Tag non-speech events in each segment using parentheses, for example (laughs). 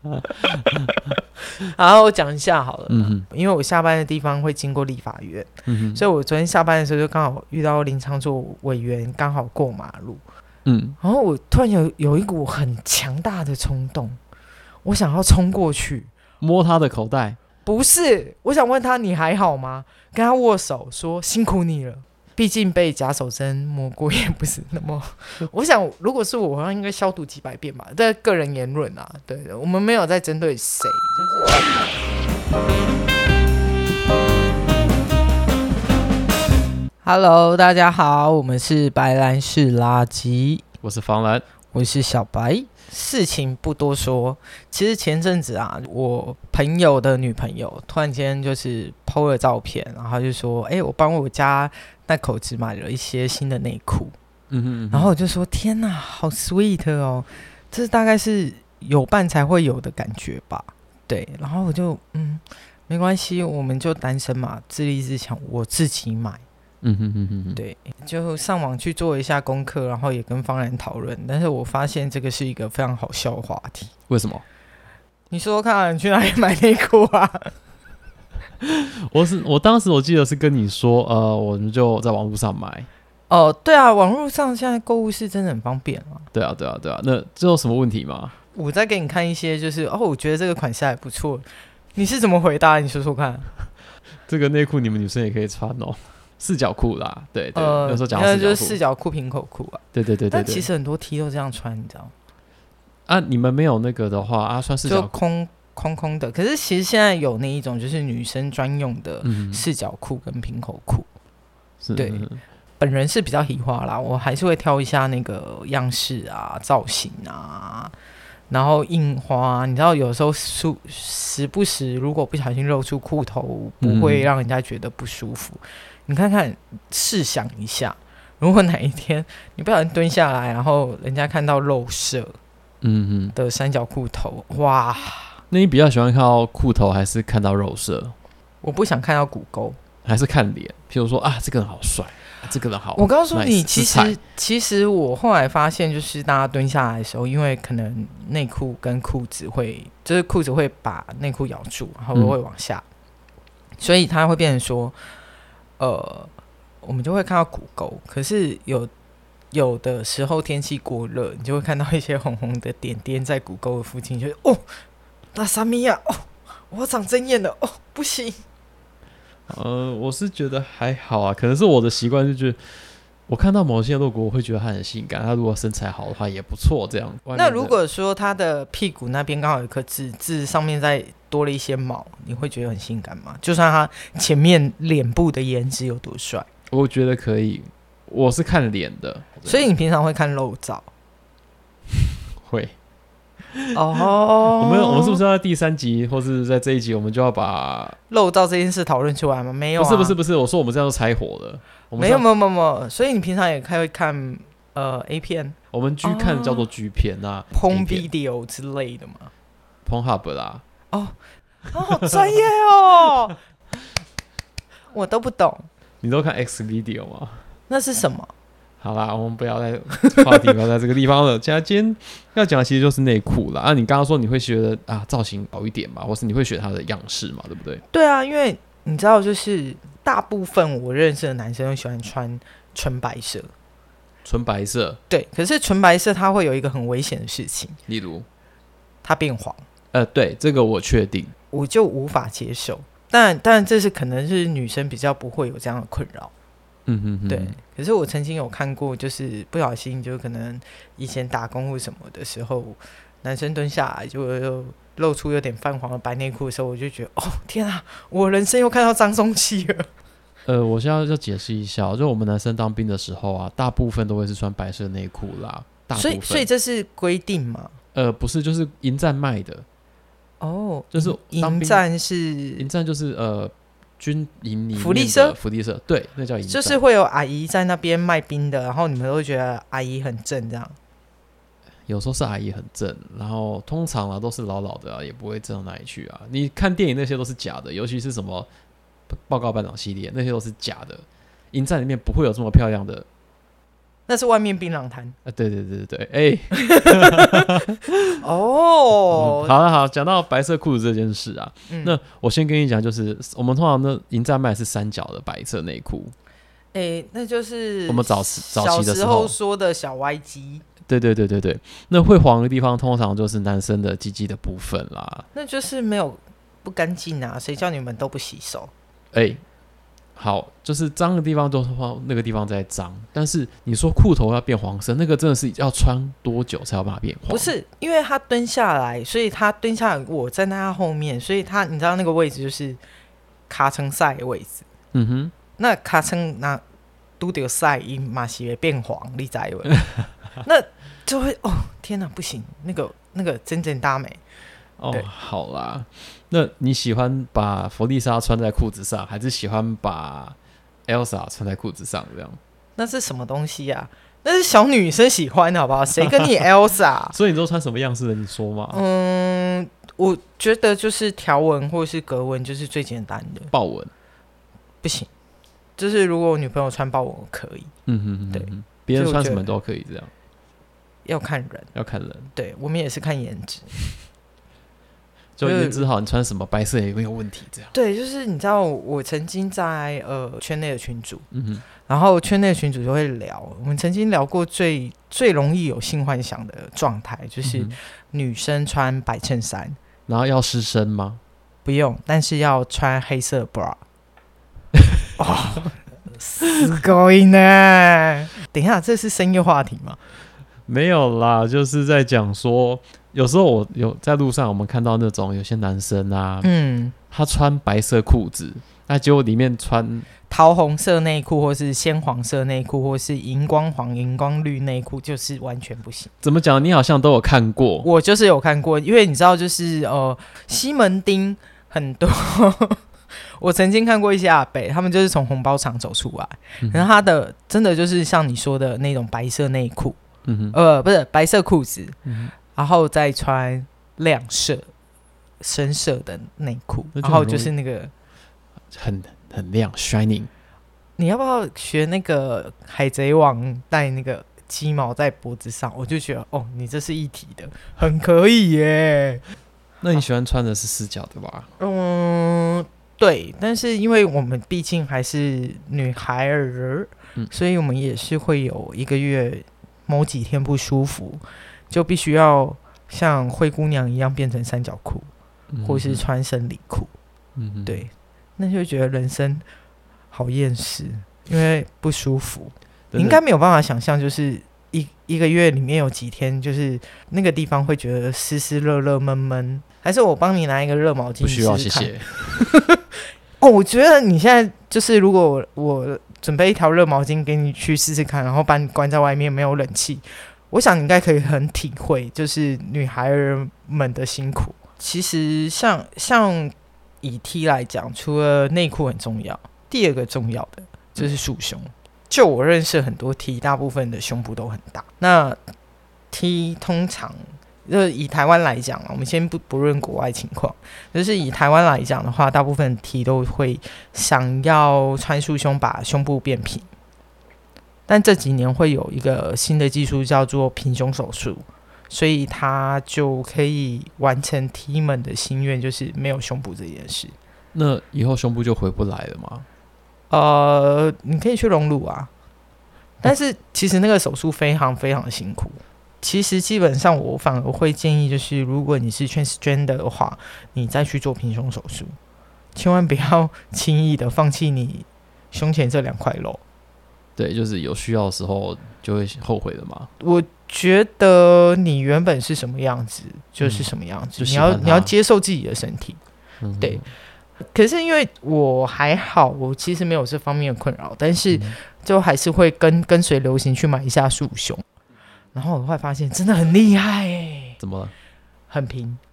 (laughs) (laughs) 然後我講一下好了。嗯，因為我下班的地方會經過立法院，嗯、所以我昨天下班的時候就剛好遇到林昶佐委員，剛好過馬路，嗯。然後我突然有有一股很強大的衝動，我想要衝過去摸他的口袋。不是，我想問他你還好嗎？跟他握手，說辛苦你了。畢竟被假手針摸過也不是那麼…… (laughs) (laughs) 我想，如果是我，好像應該消毒幾百遍吧。對，個人言論啊，對我們沒有在針對誰。 (music) Hello，大家好，我們是白藍拉基，我是方藍，我是小白。事情不多說，其實前陣子啊，我朋友的女朋友突然間就是 PO 了照片，然後就說：“哎、欸，我幫我家。”那口子買了一些新的內褲，嗯哼，嗯哼，然後我就說：“天哪，好 sweet 哦，這大概是有伴才會有的感覺吧？”對，然後我就嗯，沒關係，我們就單身嘛，自立自強，我自己買，嗯哼嗯哼嗯哼，對，就上網去做一下功課，然後也跟方藍討論。但是我發現這個是一個非常好笑的話題，為什麼？你說說看，你去哪裡買內褲啊？ (laughs) 我是我當時我記得是跟你說，呃，我們就在網絡上買。哦、呃，對啊，網絡上現在購物是真的很方便啊。對啊，對啊，對啊。那這有什麼問題嗎？我再給你看一些，就是哦，我覺得這個款式還不錯。你是怎麼回答？你說說看。這個內褲你們女生也可以穿哦，四角褲啦，對對、對。有、呃、時候講，那就是四角褲、平口褲啊。對對對對、對、對。其實很多 T 都這樣穿，你知道嗎？啊，你們沒有那個的話啊，算四角就空。空空的，可是其實現在有那一種就是女生專用的四角褲跟平口褲、嗯，對，本人是比較喜歡啦，我還是會挑一下那個樣式啊、造型啊，然後印花、啊，你知道有時候時不時，如果不小心露出褲頭，不會讓人家覺得不舒服。嗯、你看看，試想一下，如果哪一天你不小心蹲下來，然後人家看到肉色，嗯的三角褲頭、嗯，哇！那你比較喜歡看到褲頭還是看到肉色？我不想看到股溝，還是看臉。譬如說啊，這個人好帥，這個人好 nice。我告訴你其實其實我後來發現，就是大家蹲下來的時候，因為可能內褲跟褲子會，就是褲子會把內褲咬住，然後都會往下，嗯，所以他會變成說，呃，我們就會看到股溝。可是有有的時候天氣過熱，你就會看到一些紅紅的點點在股溝的附近，就是哦。那啥米呀、啊、哦，我長針眼了哦，不行。呃，我是覺得還好啊，可能是我的習慣就覺得，我看到某些露骨，我會覺得他很性感。他如果身材好的話也不錯這這樣。那如果說他的屁股那邊剛好有一顆痣，痣上面再多了一些毛，你會覺得很性感嗎？就算他前面臉部的顏值有多帥，我覺得可以。我是看臉的，所以你平常會看肉照？ (laughs) 會。哦、 (laughs) oh，我們我們是不是在第三集，或是在這一集，我們就要把漏照這件事討論出來嗎？沒有、啊，不是不是不是，我說我們這樣都拆火了，沒有沒有沒有，所以你平常也還會看呃 A 片，我們劇看的叫做劇片啊 Porn Video 之類的嘛 Porn Hub 啦、啊，哦、oh,，好專業哦， (laughs) (laughs) (laughs) 我都不懂，你都看 X Video 嗎？那是什麼？好啦，我們不要再話題不要在這個地方了。其 (laughs) 實要講的其實就是內褲了啊！你剛剛說你會覺得啊，造型好一點嘛，或是你會選它的樣式嘛，對不對？對啊，因為你知道，就是大部分我認識的男生都喜歡穿純白色，純白色。對，可是純白色它會有一個很危險的事情，例如它變黃。呃，對，這個我確定，我就無法接受。但但這是可能是女生比較不會有這樣的困擾。嗯哼哼，對。可是我曾經有看過，就是不小心就可能以前打工或什麼的時候，男生蹲下來就露出有點泛黃的白內褲的時候，我就覺得哦，天啊，我人生又看到張松琪了。呃，我現在就解釋一下，就我們男生當兵的時候啊，大部分都會是穿白色內褲啦，大部分。所以所以這是規定嗎？呃，不是，就是營站賣的。哦，就是營站是營站，就是呃。軍營裡面的福利社，福利社，對，那叫營站。就是會有阿姨在那邊賣冰的，然後你們都會覺得阿姨很正，這樣。有時候是阿姨很正，然後通常啊都是老老的啊，也不會正到哪裡去啊。你看電影那些都是假的，尤其是什麼《報告班長》系列，那些都是假的。營站裡面不會有這麼漂亮的。那是外面檳榔攤啊、呃！對對對對哎，哦、欸 (laughs) (laughs) oh 嗯，好了、啊、好，講到白色褲子這件事啊，嗯、那我先跟你講，就是我們通常的網站賣是三角的白色內褲，哎、欸，那就是小小我們早早期的時候說的小 Y 雞，對對對對對，那會黃的地方通常就是男生的雞雞的部分啦，那就是沒有不乾淨啊，誰叫你們都不洗手，哎、欸。好，就是髒的地方都是那個地方在髒，但是你說褲頭要變黃色，那個真的是要穿多久才要把它變黃？不是，因為他蹲下來，所以他蹲下來，我站在他後面，所以他你知道那個位置就是卡層賽的位置。嗯哼，那卡層那都得賽因馬鞋變黃，你知未？ (laughs) 那就會哦，天哪、啊，不行，那個那個真正大美。哦、oh,，好啦，那你喜歡把弗麗莎穿在褲子上，還是喜歡把 Elsa 穿在褲子上？這樣？那是什麼東西呀？那是小女生喜歡的好不好？誰 (laughs) 跟你 Elsa？ (laughs) 所以你都穿什麼樣式的？你說嘛？嗯，我覺得就是條紋或者是格紋，就是最簡單的。豹紋不行，就是如果我女朋友穿豹紋我可以。嗯哼嗯嗯，對，別人穿什麼都可以，這樣要看人，要看人，對我們也是看顏值。 (laughs) 就你只好你穿什麼白色也沒有問題？這樣對，就是你知道我曾經在呃圈內的群組、嗯，然後圈內群組就會聊，我們曾經聊過最最容易有性幻想的狀態，就是女生穿白襯衫、嗯，然後要濕身嗎？不用，但是要穿黑色 bra。哇、 (laughs) oh, (laughs) 死高音哎！ (laughs) 等一下，這是深夜話題嗎？沒有啦，就是在講說。有時候我有在路上，我們看到那種有些男生啊，嗯，他穿白色褲子，那結果裡面穿桃紅色內褲，或是鮮黃色內褲，或是熒光黃、熒光綠內褲，就是完全不行。怎麼講？你好像都有看過，我就是有看過，因為你知道，就是呃，西門町很多， (laughs) 我曾經看過一些阿北，他們就是從紅包場走出來，然、嗯、後他的真的就是像你說的那種白色內褲、嗯，呃，不是白色褲子，嗯然後再穿亮色、深色的內褲，那然後就是那個很很亮，shining。你要不要學那個海賊王戴那個雞毛在脖子上？我就覺得哦，你這是一體的，很可以耶。 (laughs) (laughs) 那你喜歡穿的是四角的吧？嗯，對。但是因為我們畢竟還是女孩兒，嗯，所以我們也是會有一個月某幾天不舒服。就必須要像灰姑娘一樣變成三角褲、嗯，或是穿生理褲、嗯，對，那就覺得人生好厭世，因為不舒服，嗯、你應該沒有辦法想象，就是、嗯、一一個月裡面有幾天，就是那個地方會覺得濕濕熱熱悶悶，還是我幫你拿一個熱毛巾你試試看？不需要，謝謝 (laughs) 哦，我覺得你現在就是如果我，我準備一條熱毛巾給你去試試看，然後把你關在外面，沒有冷氣。我想你應該可以很體會，就是女孩們的辛苦。其實像，像像以 T 來講，除了內褲很重要，第二個重要的就是束胸。就我認識很多 T，大部分的胸部都很大。那 T 通常，就是、以台灣來講啊，我們先不不論國外情況，就是以台灣來講的話，大部分 T 都會想要穿束胸，把胸部變平。但這幾年會有一個新的技術叫做平胸手術，所以他就可以完成 T 們的心願，就是沒有胸部這件事。那以後胸部就回不來了嗎？呃，你可以去隆乳啊，但是其實那個手術非常非常辛苦，嗯。其實基本上我反而會建議，就是如果你是 transgender 的話，你再去做平胸手術，千萬不要輕易的放棄你胸前這兩塊肉。對，就是有需要的時候就會後悔的嘛。我覺得你原本是什麼樣子就是什麼樣子，嗯、你要就你要接受自己的身體、嗯。對，可是因為我還好，我其實沒有這方面的困擾，但是就還是會跟跟隨流行去買一下束胸，然後我會發現真的很厲害哎、欸，怎麼了？很平？ (laughs)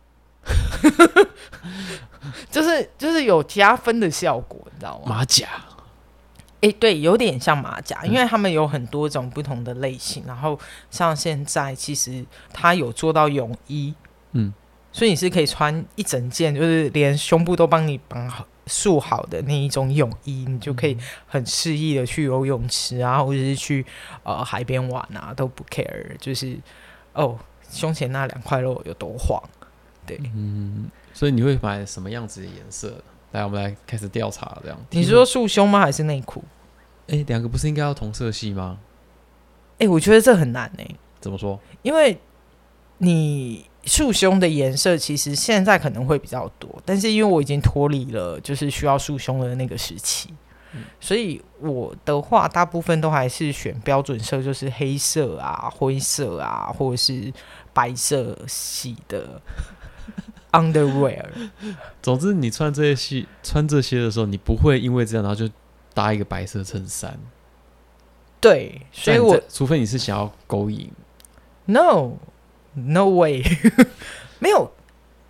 就是就是有加分的效果，你知道嗎？馬甲。誒、欸，對，有點像馬甲，因為他們有很多種不同的類型。嗯、然後像現在，其實他有做到泳衣，嗯，所以你是可以穿一整件，就是連胸部都幫你綁好、束好的那一種泳衣，你就可以很適意的去游泳池啊，或者是去呃海邊玩啊，都不 care，就是哦，胸前那兩塊肉有多黃，對，嗯，所以你會買什麼樣子的顏色？來，我們來開始調查，這樣。你是說束胸嗎，還是內褲？哎，兩個不是應該要同色系嗎？哎，我覺得這很難呢。怎麼說？因為你束胸的顏色其實現在可能會比較多，但是因為我已經脫離了就是需要束胸的那個時期、嗯，所以我的話大部分都還是選標準色，就是黑色啊、灰色啊，或者是白色系的。Underwear，總之你穿這些戲穿這些的時候，你不會因為這樣然後就搭一個白色襯衫。對，所以我除非你是想要勾引，No, no way， (laughs) 沒有。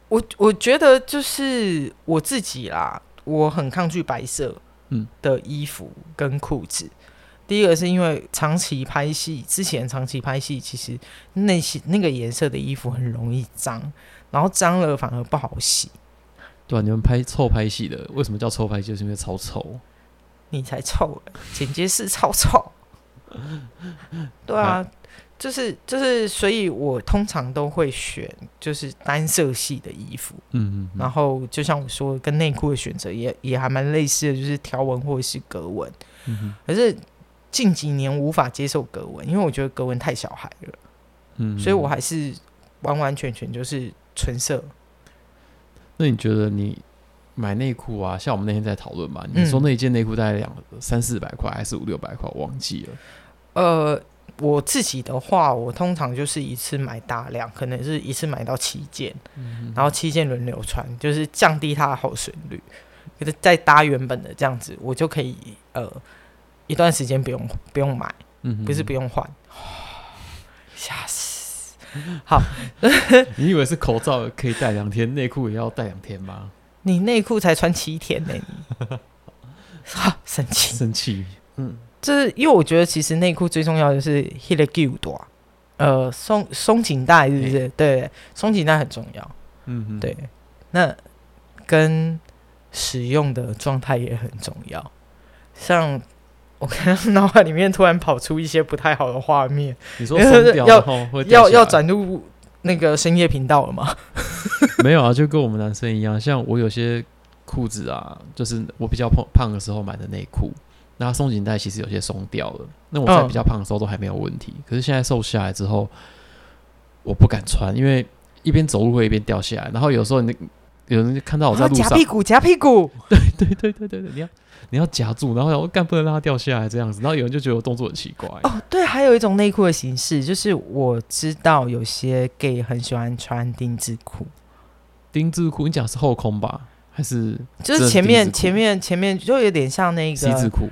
我我覺得就是我自己啦，我很抗拒白色嗯的衣服跟褲子。嗯第一個是因為長期拍戲，之前長期拍戲，其實那些那個顏色的衣服很容易髒，然後髒了反而不好洗。對啊，你們拍臭拍戲的，為什麼叫臭拍戲？是因為超臭？你才臭了，欸，剪接師超臭，臭。 (laughs) 對啊，就是就是，就是，所以我通常都會選就是單色系的衣服。嗯嗯，然後就像我說，跟內褲的選擇也也還蠻類似的，就是條紋或者是格紋。嗯哼，可是。近幾年無法接受格紋，因為我覺得格紋太小孩了。嗯，所以我還是完完全全就是純色。那你覺得你買內褲啊？像我們那天在討論嘛，你說那一件內褲大概兩、嗯、三四百塊還是五六百塊？我忘記了。呃，我自己的話，我通常就是一次買大量，可能是一次買到七件，嗯、然後七件輪流穿，就是降低它的耗損率。可是再搭原本的這樣子，我就可以呃。一段時間不用不用買，嗯，不是不用換，哦、嚇死！好， (laughs) 你以為是口罩可以戴兩天，內 (laughs) 褲也要戴兩天嗎？你內褲才穿七天呢、欸！你 (laughs) 哈，生氣，生氣。嗯，這、就是因為我覺得其實內褲最重要的是 heelg 多，呃，松鬆緊帶是不是？欸、對，鬆緊帶很重要。嗯嗯，對。那跟使用的狀態也很重要，像。 (laughs) 我看到腦海裡面突然跑出一些不太好的畫面。你說要要要轉入那個深夜頻道了嗎？ (laughs) 沒有啊，就跟我們男生一樣，像我有些褲子啊，就是我比較胖胖的時候買的內褲，那鬆緊帶其實有些鬆掉了。那我在比較胖的時候都還沒有問題，嗯、可是現在瘦下來之後，我不敢穿，因為一邊走路會一邊掉下來，然後有時候你、那個有人就看到我在路上夾屁股，夾屁股， (laughs) 對對對對對，你要你要夾住，然後我幹不能讓它掉下來這樣子，然後有人就覺得我動作很奇怪。哦，對，還有一種內褲的形式，就是我知道有些 gay 很喜歡穿丁字褲，丁字褲，你講是後空吧，還是就是前面是前面前面，就有點像那個 C 字褲。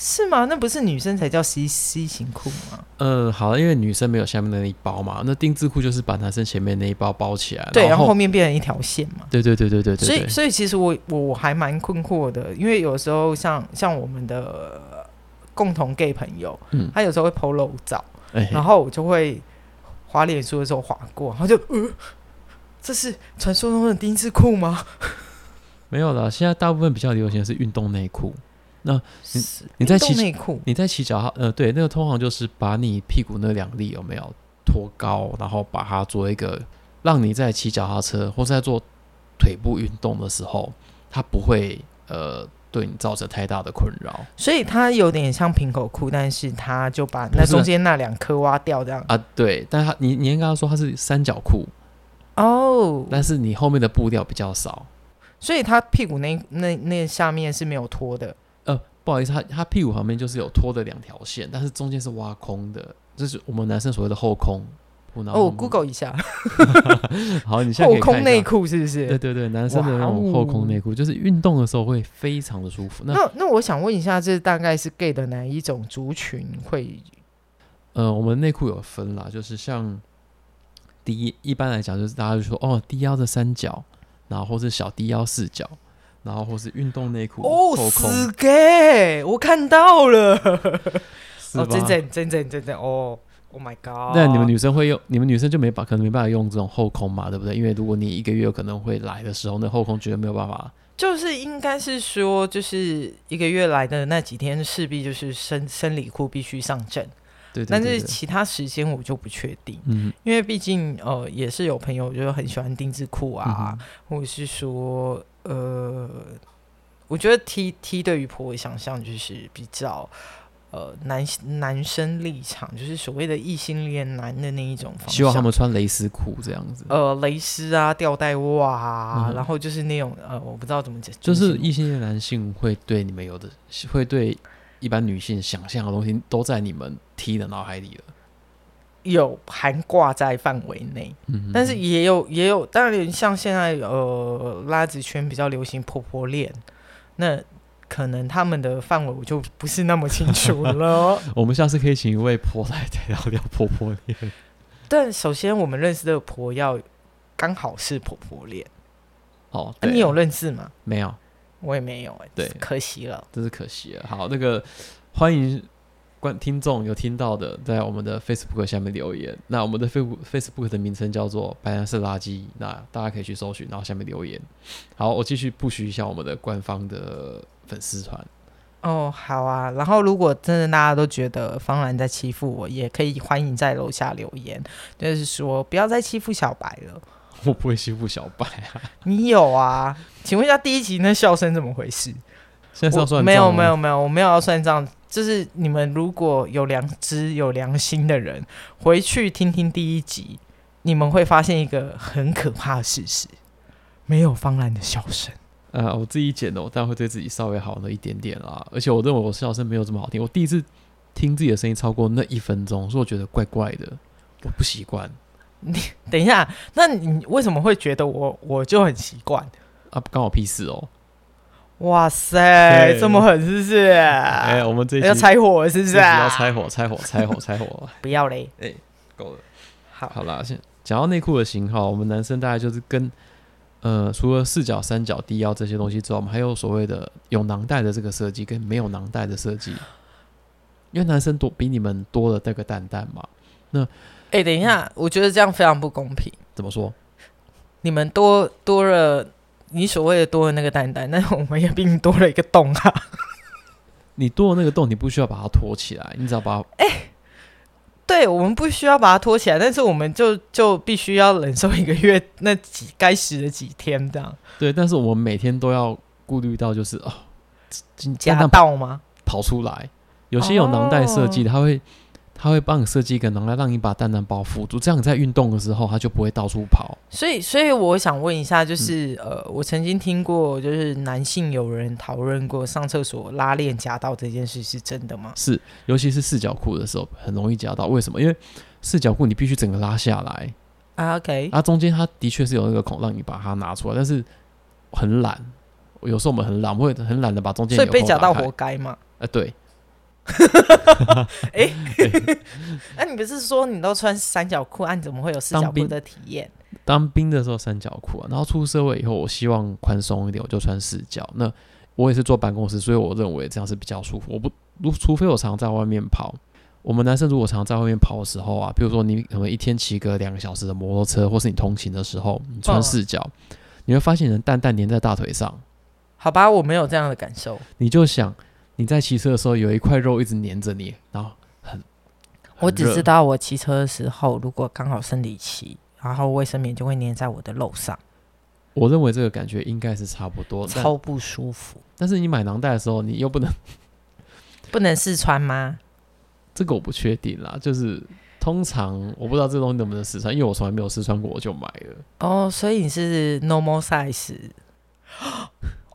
是嗎？那不是女生才叫 CC 型褲嗎？嗯，好了，因為女生沒有下面的那一包嘛。那丁字褲就是把男生前面那一包包起來，對，然後然後，後面變成一條線嘛。對對對對對對。所以所以其實我我還蠻困惑的，因為有時候像像我們的共同 gay 朋友，嗯，他有時候會 PO 露照，然後我就會滑臉書的時候滑過，然後就，呃，這是傳說中的丁字褲嗎？沒有了，現在大部分比較流行的是運動內褲。那你你在騎內褲，你在騎腳踏呃，對，那個通常就是把你屁股那兩粒有沒有拖高，然後把它做一個，讓你在騎腳踏車或是在做腿部運動的時候，它不會呃對你造成太大的困擾。所以它有點像平口褲，但是它就把那中間那兩顆挖掉這樣啊？對，但它你你應該跟他說它是三角褲哦，oh. 但是你後面的布料比較少，所以它屁股那那那下面是沒有拖的。呃，不好意思，他他屁股旁邊就是有拖的兩條線，但是中間是挖空的，這是我們男生所謂的後空褲。我然後慢慢哦，Google 一下， (laughs) (laughs) 好，你看後空內褲是不是？對對對，男生的那種後空內褲，哦，就是運動的時候會非常的舒服。那那，那我想問一下，這，就是、大概是 gay 的哪一種族群會？呃，我們內褲有分啦，就是像第一，一般來講就是大家就說哦，低腰的三角，然後是小低腰四角。然後，或是運動內褲哦，後空死 gay！我看到了， (laughs) 哦，真正真正真正哦，Oh my god！那你們女生會用？你們女生就沒把可能沒辦法用這種後空嘛，對不對？因為如果你一個月有可能會來的時候，那後空絕對沒有辦法。就是應該是說，就是一個月來的那幾天，勢必就是生生理褲必須上陣。對，對，對，對，但是其他時間我就不確定。嗯，因為畢竟呃，也是有朋友，就是很喜歡丁字褲啊、嗯，或者是說。呃，我覺得 T T 對於婆的想象就是比較呃，男男生立場，就是所謂的異性戀男的那一種方式，希望他們穿蕾絲褲這樣子。呃，蕾絲啊、吊帶襪啊、嗯，然後就是那種呃，我不知道怎麼講，就是異性戀男性會對你們有的，會對一般女性想象的東西，都在你們 T 的腦海裡了。有含掛在範圍內，但是也有也有，當然像現在呃，拉子圈比較流行婆婆戀，那可能他們的範圍我就不是那麼清楚了。 (laughs) 我們下次可以請一位婆來聊聊婆婆戀。但首先我們認識的婆要剛好是婆婆戀哦。啊、你有認識嗎？沒有，我也沒有、欸。哎，對，可惜了，真是可惜了。好，那、這個歡迎。觀聽眾有聽到的，在我們的 Facebook 下面留言。那我們的 Facebook Facebook 的名稱叫做“白藍是垃圾”。那大家可以去搜尋，然後下面留言。好，我繼續布署一下我們的官方的粉絲團。哦，好啊。然後，如果真的大家都覺得方藍在欺負我，也可以歡迎在樓下留言，就是說不要再欺負小白了。我不會欺負小白啊。你有啊？請問一下，第一集那笑聲怎麼回事？現在是要算帳嗎？沒有沒有沒有，沒有，我沒有要算賬。就是你們如果有良知、有良心的人，回去聽聽第一集，你們會發現一個很可怕的事實：沒有方藍的笑聲。呃，我自己剪的，我當然會對自己稍微好了一點點啦。而且我認為我笑聲沒有這麼好聽。我第一次聽自己的聲音超過那一分鐘，所以我覺得怪怪的，我不習慣。你等一下，那你為什麼會覺得我我就很習慣？啊，不關我屁事哦。哇塞，這麼狠是不是？哎、欸，我們這些要拆火是不是啊？要拆火，拆火，拆火，拆火！ (laughs) 不要嘞，哎、欸，夠了，好，好啦。先講到內褲的型號，我們男生大概就是跟呃，除了四角、三角、低腰這些東西之外，我們還有所謂的有囊袋的這個設計跟沒有囊袋的設計，因為男生多，比你們多了那個蛋蛋嘛。那，哎、欸，等一下、嗯，我覺得這樣非常不公平。怎麼說？你們多多了。你所謂的多的那個蛋蛋，那我們也比你多了一個洞啊！ (laughs) 你多的那個洞，你不需要把它拖起來，你只要把……哎、欸，對我們不需要把它拖起來，但是我們就就必須要忍受一個月那幾該死的幾天這樣。對，但是我們每天都要顧慮到，就是哦，加蛋到嗎？跑出來，有些有囊袋設計的，哦、他會。他會幫你設計一個，能來讓你把蛋蛋包覆住，這樣你在運動的時候它就不會到處跑。所以，所以我想問一下，就是、嗯、呃，我曾經聽過，就是男性友人討論過上廁所拉鏈夾到這件事是真的嗎？是，尤其是四角褲的時候很容易夾到。為什麼？因為四角褲你必須整個拉下來。啊，OK。啊，中間它的確是有那個孔讓你把它拿出來，但是很懶，有時候我們很懶，我們會很懶得把中間所以被夾到活該嗎？呃，對。誒、 (laughs) 欸，哎，那你不是說你都穿三角褲，那、啊、你怎麼會有四角褲的體驗？當兵的時候三角褲啊，然後出社會以後，我希望寬鬆一點，我就穿四角。那我也是坐辦公室，所以我認為這樣是比較舒服。我不如，除非我常在外面跑。我們男生如果常在外面跑的時候啊，比如說你可能一天騎個兩個小時的摩托車，或是你通勤的時候，你穿四角，哦、你會發現人蛋蛋粘在大腿上。好吧，我沒有這樣的感受。你就想。你在騎車的時候，有一塊肉一直粘着你，然後很……很我只知道我騎車的時候，如果剛好生理期，然後衛生棉就會粘在我的肉上。我認為這個感覺應該是差不多，超不舒服。但，但是你買囊袋的時候，你又不能 (laughs) 不能試穿嗎？這個我不確定啦。就是通常我不知道這東西能不能試穿，因為我從來沒有試穿過，我就買了。哦、oh，所以你是 normal size。 (laughs)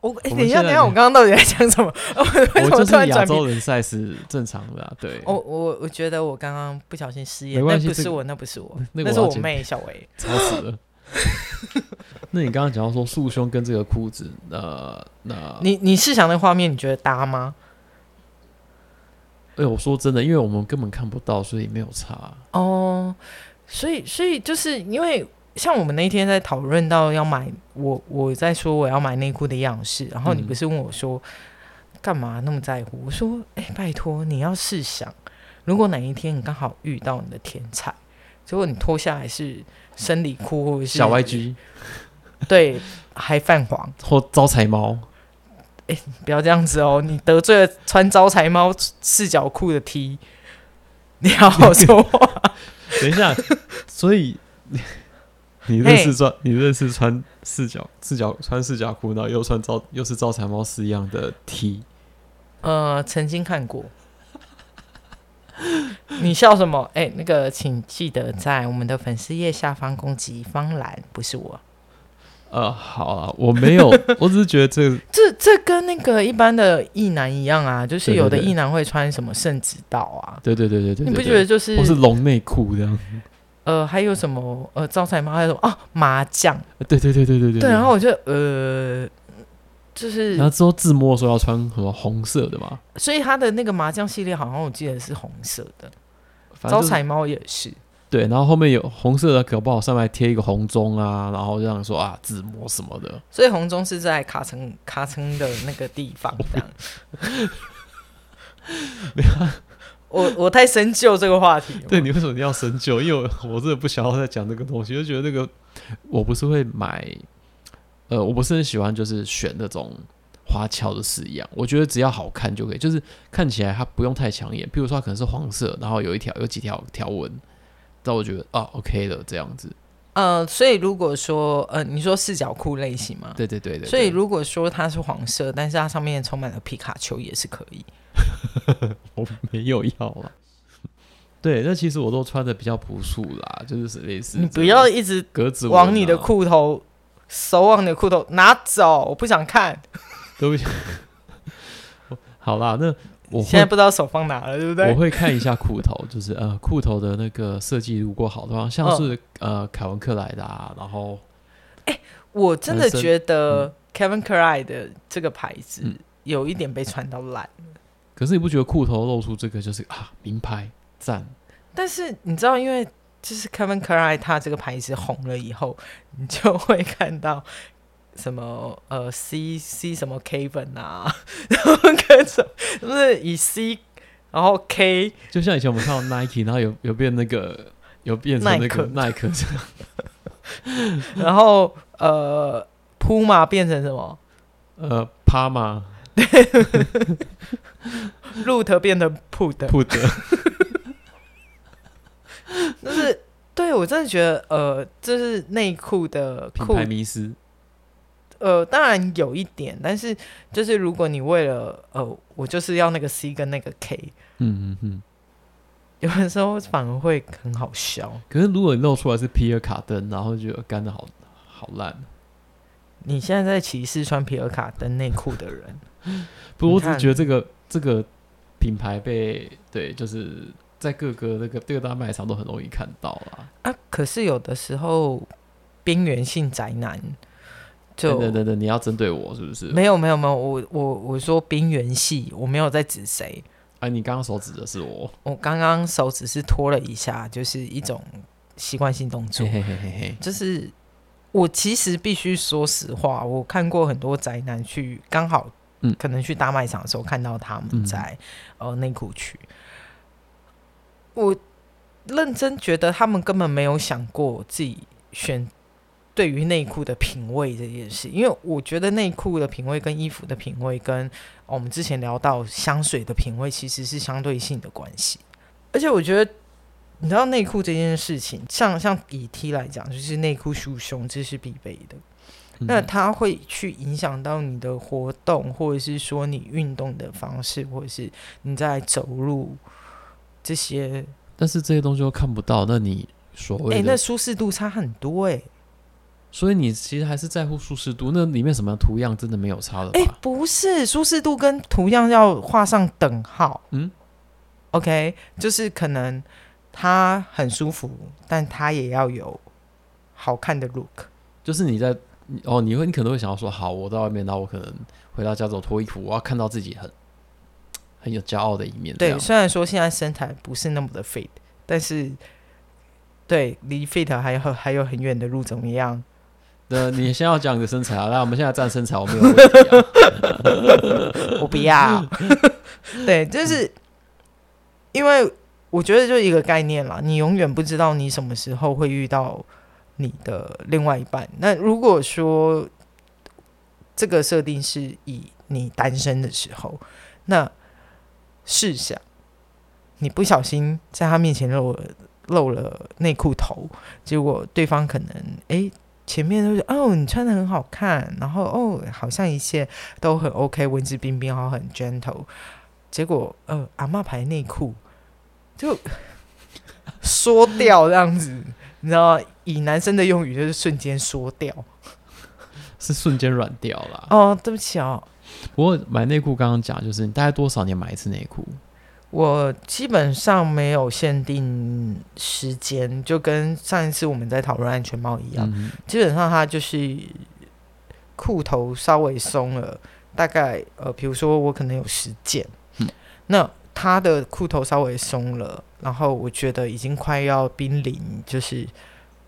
我等一下，等一下，我剛剛到底在講什麼？ (laughs) 我為什麼突然？我就是亞洲人 size 正常的啊。對，哦、我我我覺得我剛剛不小心失言，這個，那不是我，那不是我，那是我妹小薇，吵死了。 (laughs) (laughs) 那你剛剛講到說束胸跟這個褲子，呃、那那你你試想那畫面，你覺得搭嗎？哎、欸，我說真的，因為我們根本看不到，所以沒有差哦。Oh, 所以所以就是因為。像我們那一天在討論到要買我，我在說我要買內褲的樣式，然後你不是問我說幹、嗯、嘛那麼在乎？我說、欸、拜托你要試想，如果哪一天你剛好遇到你的天菜，結果你脫下來是生理褲，或者是小 YG，對，還泛黃或招財貓，哎、欸，不要這樣子哦，你得罪了穿招財貓四角褲的 T，你好好說話。 (laughs) 等一下，所以。 (laughs) 你認識穿 hey, 你認識穿四角四角穿四角褲，然後又穿招又是招財貓式一樣的 T，呃，曾經看過。 (laughs) 你笑什麼？哎、欸，那個，請記得在我們的粉絲頁下方攻擊方藍，不是我。呃，好啊，我沒有， (laughs) 我只是覺得這個、這這跟那個一般的異男一樣啊，就是有的異男會穿什麼聖旨道啊，對對對對你不覺得就是或是龍內褲這樣子。呃，還有什麼？呃，招財貓還有什麼？哦、啊，麻將。對對，對對對對對對。然後我就呃，就是。然後之後自摸的時候要穿什麼紅色的嘛？所以他的那個麻將系列好像我記得是紅色的，就是、招財貓也是。對，然後後面有紅色的可不好，上面貼一個紅中啊，然後這樣說啊，自摸什麼的。所以紅中是在卡層卡層的那個地方這樣。 (laughs) (laughs) (laughs) (laughs) 我我太深究這個話題了，對，你為什麼要深究？因為我，我真的不想要再講這個東西，就覺得那個， (laughs) 我不是會買，呃，我不是很喜歡就是選那種花俏的式樣，我覺得只要好看就可以，就是看起來它不用太搶眼。譬如說它可能是黃色，然後有一條有幾條條紋，但我覺得啊，OK 的這樣子。呃，所以如果說，呃，你說四角褲類型嗎？嗯、對，對對對對。所以如果說它是黃色，但是它上面充滿了皮卡丘，也是可以。 (laughs) 我沒有要啊。 (laughs) 對，那其實我都穿的比較樸素啦，就是類似。你不要一直隔着、啊。往你的褲頭，手往你的褲頭拿走，我不想看。都 (laughs) 不想起。 (laughs) 好啦，那。我現在不知道手放哪了，對不對？我會看一下褲頭， (laughs) 就是呃，褲頭的那個設計，如果好的話，像是、哦、呃，凱文克萊的、啊，然後、欸，我真的覺得 Kevin Kline 的這個牌子有一點被穿到爛、嗯嗯嗯。可是你不覺得褲頭露出這個就是啊，名牌贊？但是你知道，因為就是 Kevin Kline 他這個牌子紅了以後，你就會看到。什麼呃，C C 什麼 K 粉啊，然後跟什麼，就是以 C，然後 K，就像以前我們看到 Nike，然後有有變那個，有變成那個耐克，Nike Nike (laughs) 然後呃，Puma 變成什麼？呃，趴嘛，對 (laughs) Root 變成 Put，Put， (laughs) 就是對我真的覺得呃，這、就是內褲的褲品牌迷思。呃，當然有一點，但是就是如果你為了呃，我就是要那個 C 跟那個 K，嗯嗯嗯，有的時候反而會很好笑。可是如果你露出來是皮爾卡登，然後覺得幹得好好爛，你現在在歧視穿皮爾卡登內褲的人， (laughs) 不，我只覺得這個這個品牌被對，就是在各個那個各、這個、大賣場都很容易看到啊。啊，可是有的時候邊緣性宅男，就，對對對，你要針對我是不是？沒有沒有沒有，我我我說邊緣系，我沒有在指誰？哎、啊，你剛剛手指的是我？我剛剛手指是拖了一下，就是一種習慣性動作。嘿嘿嘿，就是我其實必須說實話，我看過很多宅男去剛好嗯，可能去大賣場的時候看到他們在、嗯、呃內褲區，我認真覺得他們根本沒有想過自己選。對於內褲的品味這件事，因為我覺得內褲的品味跟衣服的品味，跟、哦、我們之前聊到香水的品味，其實是相對性的關係。而且我覺得，你知道內褲這件事情，像像以 T 來講，就是內褲束胸，這是必備的、嗯。那它會去影響到你的活動，或者是說你運動的方式，或者是你在走路這些。但是這些東西都看不到，那你所謂哎、欸，那舒適度差很多哎、欸，所以你其實還是在乎舒適度，那裡面什麼樣圖樣真的沒有差的吧？哎、欸，不是，舒適度跟圖樣要畫上等號。嗯，OK，就是可能他很舒服，但他也要有好看的 look。就是你在哦，你會你可能會想要說，好，我在外面，然後我可能回到家之後脫衣服，我要看到自己很很有驕傲的一面。對，雖然說現在身材不是那麼的 fit，但是對離 fit 還有還有很遠的路，怎麼樣？呃，你先要講你的身材那、啊、來、我們現在戰身材，我沒有問題、啊， (laughs) (laughs) 我不要、啊。 (laughs) 對，就是因為我覺得就是一個概念啦，你永遠不知道你什麼時候會遇到你的另外一半。那如果說這個設定是以你單身的時候，那試想，你不小心在他面前露了露了內褲頭，結果對方可能哎。欸前面都是哦，你穿得很好看，然後哦，好像一切都很 OK，文質彬彬，然後很 gentle。結果呃，阿嬤牌內褲就 (laughs) 縮掉這樣子，你知道，以男生的用語就是瞬間縮掉，是瞬間軟掉了啊。哦，對不起哦。不過買內褲剛剛講，就是你大概多少年買一次內褲？我基本上沒有限定時間，就跟上一次我們在討論安全帽一樣，嗯、基本上它就是褲頭稍微鬆了，大概呃，比如說我可能有十件，嗯、那它的褲頭稍微鬆了，然後我覺得已經快要瀕臨就是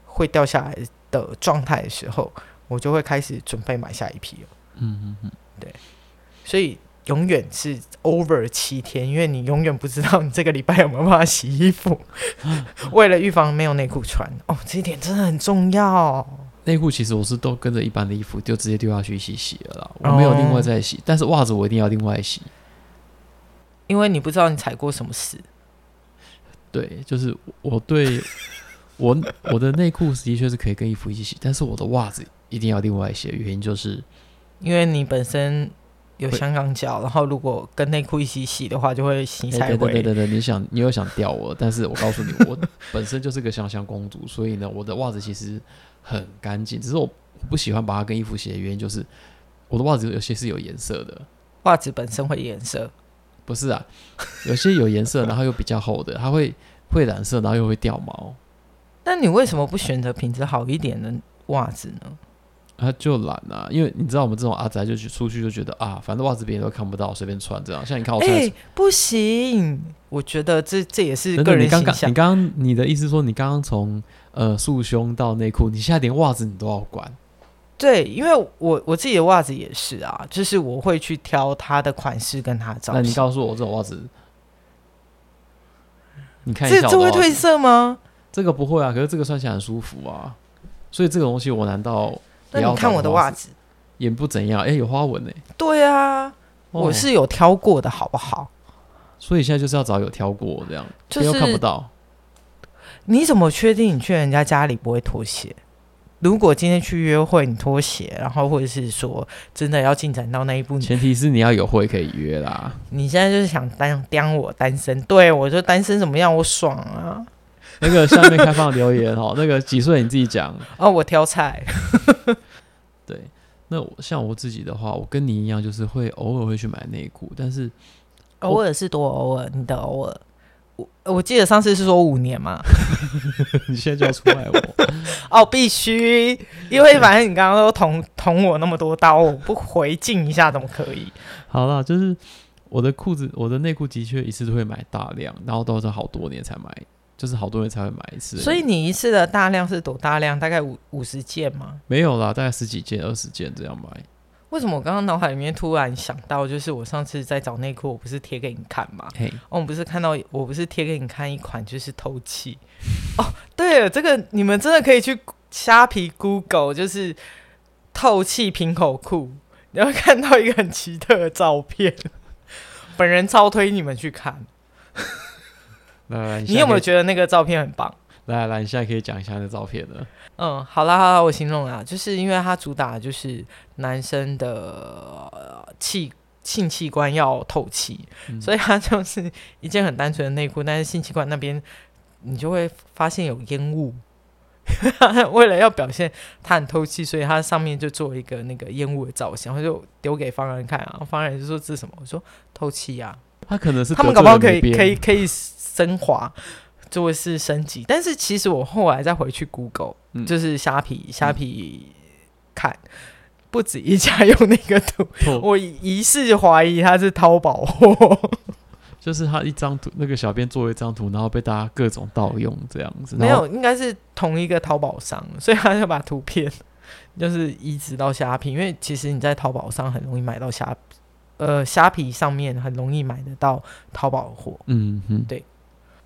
會掉下來的狀態的時候，我就會開始準備買下一批了。嗯嗯嗯，對，所以。永遠是 over 七天，因為你永遠不知道你這個禮拜有沒有辦法洗衣服。 (laughs) (laughs) 為了預防沒有內褲穿，哦，這一點真的很重要。內褲其實我是都跟着一般的衣服，就直接丟下去一起洗了啦，哦，我沒有另外再洗。但是襪子我一定要另外洗，因為你不知道你踩過什麼屎。對，就是我對我 (laughs) 我的內褲，的確是可以跟衣服一起洗，但是我的襪子一定要另外洗的原因就是因為你本身。有香港腳，然後如果跟內褲一起洗的話，就會洗晒毀。對、欸、對對對，你想你又想吊我， (laughs) 但是我告訴你，我本身就是個香香公主， (laughs) 所以呢，我的襪子其實很乾淨，只是我不喜歡把它跟衣服洗的原因就是，嗯、我的襪子有些是有顏色的，襪子本身會顏色，不是啊，有些有顏色，然後又比較厚的，它會會染色，然後又會掉毛。那 (laughs) 你為什麼不選擇品質好一點的襪子呢？他、啊、就懶了、啊，因為你知道我們這種阿宅就去出去就覺得啊，反正襪子別人都看不到，隨便穿這樣。像你看我穿，哎、欸，不行，我覺得這這也是個人形象。等等你剛剛你，你的意思說你，你剛剛從呃束胸到內褲，你現在連襪子你都要管？對，因為我我自己的襪子也是啊，就是我會去挑它的款式跟它找。那你告訴我，這種襪子你看一下子這這會褪色嗎？這個不會啊，可是這個穿起來很舒服啊，所以這個東西我難道？那你看我的襪子也不怎樣，哎，有花紋呢？對啊，我是有挑過的好不好？所以現在就是要找有挑過這樣，誰又看不到。你怎麼確定你去人家家裡不會脫鞋？如果今天去約會你脫鞋，然後或者是說真的要進展到那一步，前提是你要有會可以約啦。你現在就是想單我單身，對我就單身怎麼樣？我爽啊！ (laughs) 那個下面開放的留言哈， (laughs) 那個幾歲你自己講。哦，我挑菜。 (laughs) 對，那我像我自己的話，我跟你一樣，就是會偶爾會去買內褲，但是偶爾是多偶爾，你的偶爾。我我記得上次是說五年嘛， (laughs) (laughs) 你現在就要出賣我 (laughs) 哦，必須，因為反正你剛剛都捅 (laughs) 捅我那麼多刀，我不回敬一下怎麼可以？ (laughs) 好了，就是我的褲子，我的內褲的確一次都會買大量，然後都是好多年才買。就是好多人才會買一次，所以你一次的大量是多大量？大概五五十件嗎？沒有啦，大概十幾件、二十件這樣買。為什麼我剛剛腦海裡面突然想到，就是我上次在找內褲，我不是貼給你看嘛？嘿，哦，我們不是看到，我不是貼給你看一款就是透氣哦。 (laughs) Oh, 對了，這個你們真的可以去蝦皮 Google，就是透氣平口褲，你會看到一個很奇特的照片。 (laughs) 本人超推你們去看。 (laughs) 你，你有沒有覺得那個照片很棒？來，來，你現在可以講一下那個照片了。嗯，好啦，好啦，我形容啊，就是因為它主打就是男生的氣性器官要透氣，嗯，所以它就是一件很單純的內褲，但是性器官那邊你就會發現有煙霧。 (laughs) 為了要表現它很透氣，所以它上面就做一個那個煙霧的造型，然後就丟給方藍看啊。然後方藍就說這是什麼？我說透氣啊。他可能是他們搞不好可以可以可以升華，做一次升級。但是其實我後來再回去 Google，嗯、就是蝦皮蝦皮看、嗯，不止一家用那個圖，我一試就懷疑他是淘寶貨，就是他一張圖，那個小編做一張圖，然後被大家各種盜用這樣子。沒有，應該是同一個淘寶商，所以他就把圖片就是移植到蝦皮，因為其實你在淘寶上很容易買到蝦皮。呃，蝦皮上面很容易買得到淘寶的貨。嗯哼，對。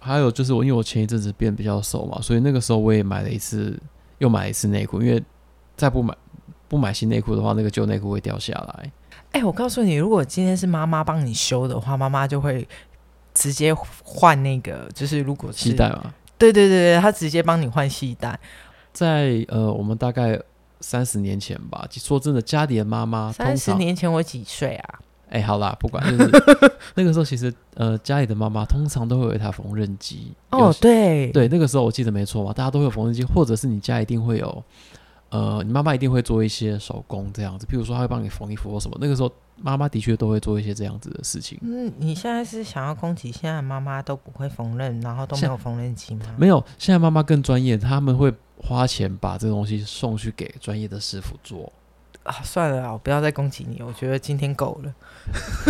還有就是我，我因為我前一陣子變比較瘦嘛，所以那個時候我也買了一次，又買了一次內褲，因為再不買不買新內褲的話，那個舊內褲會掉下來。哎、欸，我告訴你，如果今天是媽媽幫你修的話，媽媽就會直接換那個，就是如果繫帶嘛。對對對對，她直接幫你換繫帶。在呃，我們大概三十年前吧。說真的，家裡的媽媽。三十年前我幾歲啊？哎、欸，好啦，不管就是 (laughs) 那個時候，其實呃，家裡的媽媽通常都會有一台縫紉機。哦，對對，那個時候我記得沒錯嘛，大家都有縫紉機，或者是你家一定會有，呃，你媽媽一定會做一些手工這樣子，譬如說她會幫你縫衣服或什麼。那個時候媽媽的確都會做一些這樣子的事情。嗯，你現在是想要攻擊現在媽媽都不會縫紉，然後都沒有縫紉機嗎？沒有，現在媽媽更專業，他們會花錢把這個東西送去給專業的師傅做。啊、算了，我不要再攻擊你。我覺得今天夠了。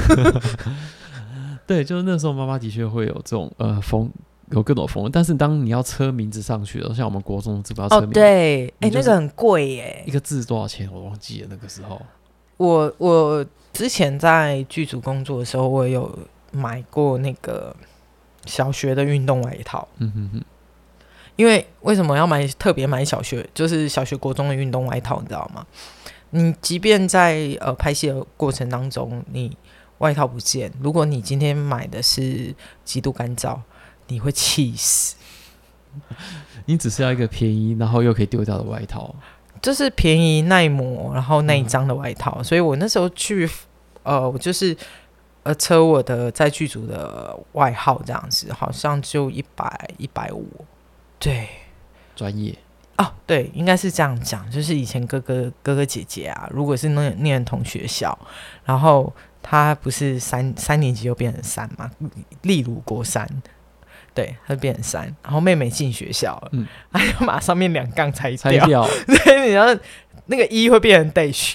(laughs) (laughs) 對，就是那時候媽媽的確會有這種呃風，有各種風。但是當你要車名字上去，像我們國中，這不要車名。哦、對，哎，那個很貴耶，一個字多少錢？我忘記了那個時候。我我之前在劇組工作的時候，我有買過那個小學的運動外套。嗯哼哼。因為為什麼要買特別買小學？就是小學、國中的運動外套，你知道嗎？你即便在呃拍戲的過程當中，你外套不見。如果你今天買的是極度乾燥，你會氣死。你只是要一個便宜，然後又可以丟掉的外套。就是便宜、耐磨，然後耐髒的外套。嗯。所以我那時候去，呃，我就是呃，扯我的在劇組的外號這樣子，好像就一百一百五，對，專業。哦，對，應該是這樣講，就是以前哥哥哥哥姐姐啊，如果是念念同學校，然後他不是三三年級就變成三嘛、嗯，例如國三，對，會變成三，然後妹妹進學校了，嗯，哎、啊、呀，就馬上面兩槓拆掉，然後那個一會變成 dash，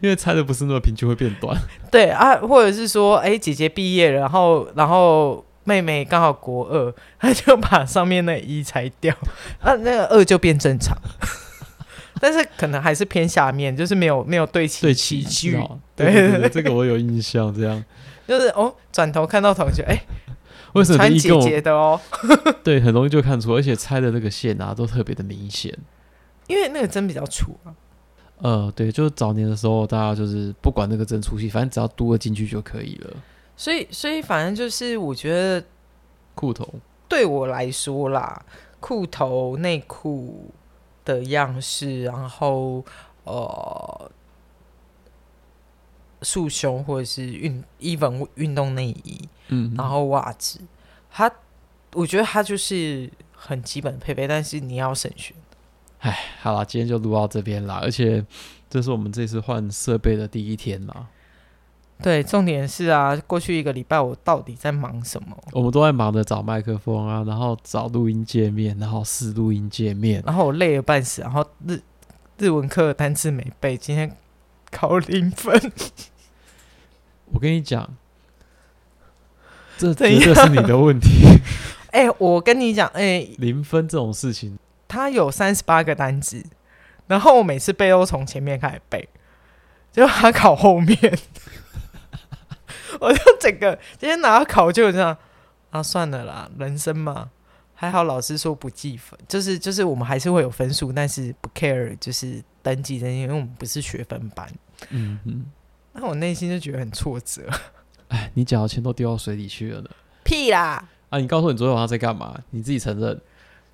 因為拆的不是那麼平均會變短，對啊，或者是說，哎、欸，姐姐畢業了，然後然後。妹妹剛好國二，她就把上面那一拆掉，那那個二就變正常。 (laughs) (laughs) 但是可能還是偏下面，就是沒有沒有對齊對齊。對對對 (laughs) 這個我有印象，這樣就是哦，轉頭看到同學哎，為什麼穿姐姐的哦？對，很容易就看出，而且拆的那個線啊都特別的明顯， (laughs) 因為那個針比較粗啊。呃，對，就是早年的時候，大家就是不管那個針粗細，反正只要多進去就可以了。所以，所以反正就是，我覺得褲頭對我來說啦，褲頭、內褲的樣式，然後呃，束胸或者是運，even 運動內衣，嗯，然後襪子，它，我覺得它就是很基本的配備，但是你要慎選。哎，好啦，今天就錄到這邊啦，而且這是我們這次換設備的第一天啦。對，重點是啊，過去一個禮拜我到底在忙什麼？我們都在忙着找麥克風啊，然後找錄音介面，然後試錄音介面，然後我累了半死。然後日日文課單字沒背，今天考零分。 (laughs) 我跟你講，這一個是你的問題。哎、 (laughs) 欸，我跟你講，哎、欸，零分這種事情，他有三十八個單字，然後我每次背都從前面開始背，結果他考後面。 (laughs) 我就整個今天拿到考卷我就這樣啊，算了啦，人生嘛，還好老師說不計分，就是就是我們還是會有分數，但是不 care，就是登記人，因為我們不是學分班。嗯嗯，那、啊、我內心就覺得很挫折。哎，你獎學金都丟到水裡去了呢？屁啦！啊，你告訴我你昨天晚上在幹嘛？你自己承認。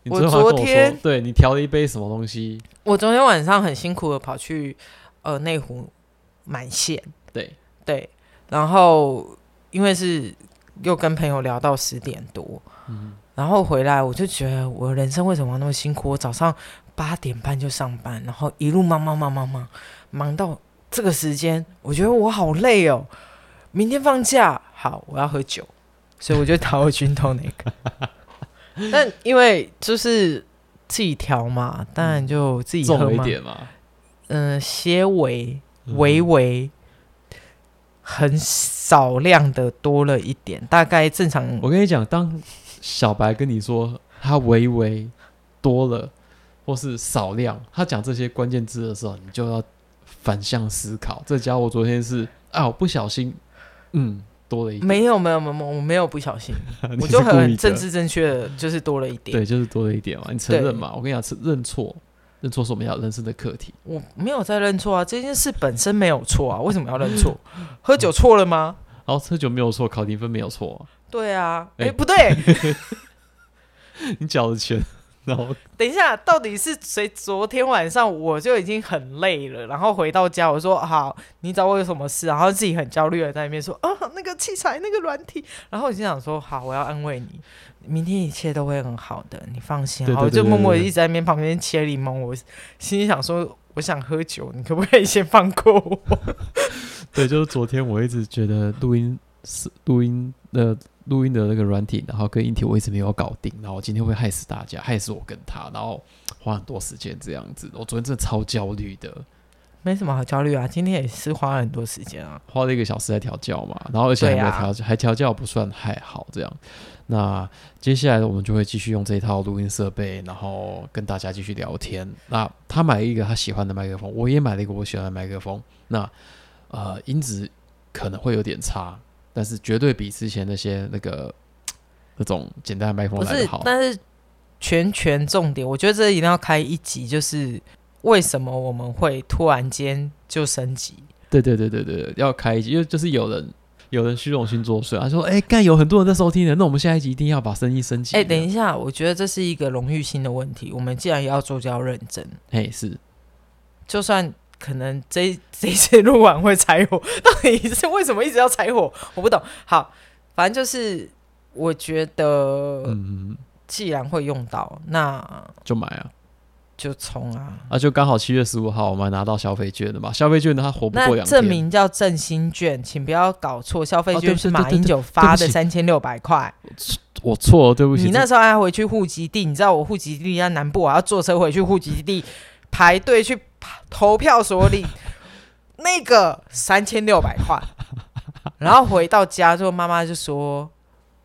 你昨天晚上跟我說，我昨天對你調了一杯什麼東西？我昨天晚上很辛苦的跑去呃內湖滿線。對對。然後，因為是又跟朋友聊到十點多，嗯，然後回來我就覺得我人生為什麼那麼辛苦？我早上八點半就上班，然後一路忙忙忙忙忙忙到這個時間，我覺得我好累哦。明天放假，好，我要喝酒，所以我就調我軍 tonic 那個， (laughs) (laughs) 但因為就是自己調嘛，當然就自己重一點嘛，呃，嗯，些微微微。很少量的多了一點，大概正常。我跟你講，當小白跟你說他微微多了，或是少量，他講這些關鍵字的時候，你就要反向思考。這傢伙昨天是啊，我不小心，嗯，多了一點。沒有沒有沒有，我沒有不小心， (laughs) 我就很政治正確的，就是多了一點。對，就是多了一點嘛，你承認嘛？我跟你講，是認錯。認錯是我們要人生的課題。我沒有在認錯啊，這件事本身沒有錯啊，為什麼要認錯？ (laughs) 喝酒錯了嗎？然、哦、後喝酒沒有錯，考零分沒有錯、啊。對啊，哎、欸欸，不對， (laughs) (laughs) 你繳了錢。然後，等一下，到底是誰？昨天晚上我就已經很累了，然後回到家，我說好，你找我有什麼事？然後自己很焦慮的在那邊說啊，那個器材，那個軟體。然後我就想說，好，我要安慰你，明天一切都會很好的，你放心。然後就默默一直在那邊旁邊切檸檬，我心裡想說，我想喝酒，你可不可以先放過我？ (laughs) 對，就是昨天我一直覺得錄音是錄音的。呃錄音的那個軟體，然後跟硬體我一直沒有搞定，然後今天會害死大家，害死我跟他，然後花很多時間這樣子，我昨天真的超焦慮的。沒什麼好焦慮啊，今天也是花了很多時間啊，花了一個小時在調教嘛，然後而且還沒有調、啊、還調教不算太好這樣。那接下來我們就會繼續用這一套錄音設備，然後跟大家繼續聊天。那他買了一個他喜歡的麥克風，我也買了一個我喜歡的麥克風，那呃音質可能會有點差。但是絕對比之前那些那個那種簡單麥克風來得好是。但是全全重點，我覺得這一定要開一集，就是為什麼我們會突然間就升級？對對對對對，要開一集，因為就是有人有人虛榮心作祟、啊，他說：“哎、欸，該有很多人在收聽的，那我們下一集一定要把聲音升級。欸”哎，等一下，我覺得這是一個榮譽性的問題。我們既然也要做，就要認真。哎、欸，是，就算。可能這這些錄晚會踩火，到底是為什麼一直要踩火？我不懂。好，反正就是我覺得，嗯，既然會用到，那就，啊就買啊，那就充啊。啊，就剛好七月十五號我們還拿到消費券的嘛，消費券它活不過兩天。那證明叫振興券，請不要搞錯，消費券是馬英九發的三千六百塊。我錯了，對不起。你那時候還要回去戶籍地，你知道我戶籍地在南部，我要坐車回去戶籍地排隊去。啊、投票所領 (laughs) 那個三千六百塊， (laughs) 然後回到家之後，媽媽就說：“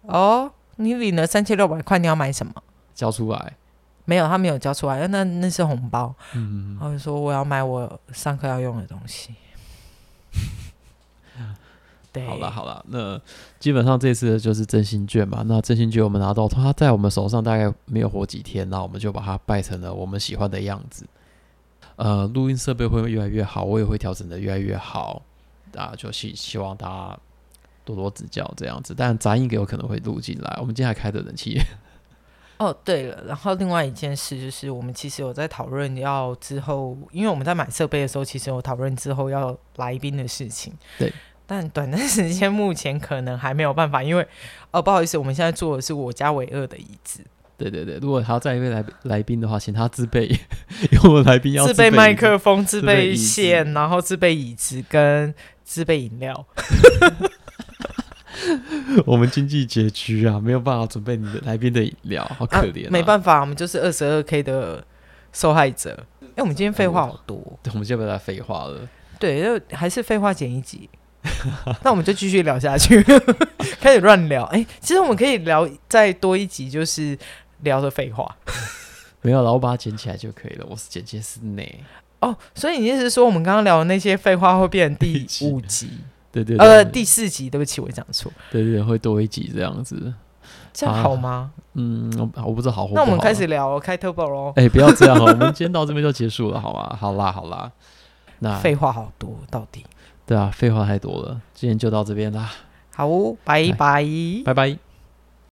哦，你領了三千六百塊，你要買什麼？”交出來？沒有，他沒有交出來。那那是紅包。嗯,嗯,嗯，然後就說我要買我上課要用的東西。 (laughs) 對，好啦好啦，那基本上這次的就是振興券嘛。那振興券我們拿到，它在我們手上大概沒有活幾天，然後我們就把它拜成了我們喜歡的樣子。呃，錄音設備會越來越好，我也會調整得越來越好，啊，就希希望大家多多指教這樣子。但雜音有可能會錄進來，我們今天還開着冷氣。哦，對了，然後另外一件事就是，我們其實有在討論要之後，因為我們在買設備的時候，其實有討論之後要來賓的事情。對。但短暫時間目前可能還沒有辦法，因為哦不好意思，我們現在坐的是我家唯二的椅子。對對對，如果他要再一位來來，來賓的話，請他自備，因為我們來賓要自備，自備麥克風、自備線，然後自備椅子跟自備飲料。 (laughs) (laughs) (laughs) 我們經濟拮据啊，沒有辦法準備你來賓的來賓的飲料，好可憐、啊啊。沒辦法，我們就是二十二 K 的受害者。哎、欸，我們今天廢話、哎、好多，對，我們就被他廢話了。對，就還是廢話剪一集。 (laughs) 那我們就繼續聊下去， (laughs) 開始亂聊。哎、欸，其實我們可以聊再多一集，就是。聊著廢話， (laughs) 沒有，了。我把它剪起來就可以了。我是剪接師，是你哦，所以你意思是說，我們剛剛聊的那些廢話會變成第五集？ (laughs) 對，對，對，對對，呃，第四集，對不起，我講錯。對，對對，會多一集這樣子，這樣好嗎？啊、嗯，我，我不知道好不好。那我們開始聊，開 Turbo 哦。哎、欸，不要這樣哈， (laughs) 我們今天到這邊就結束了，好嗎？好啦，好啦，那廢話好多，到底？對啊，廢話太多了，今天就到這邊啦。好，拜拜，拜拜。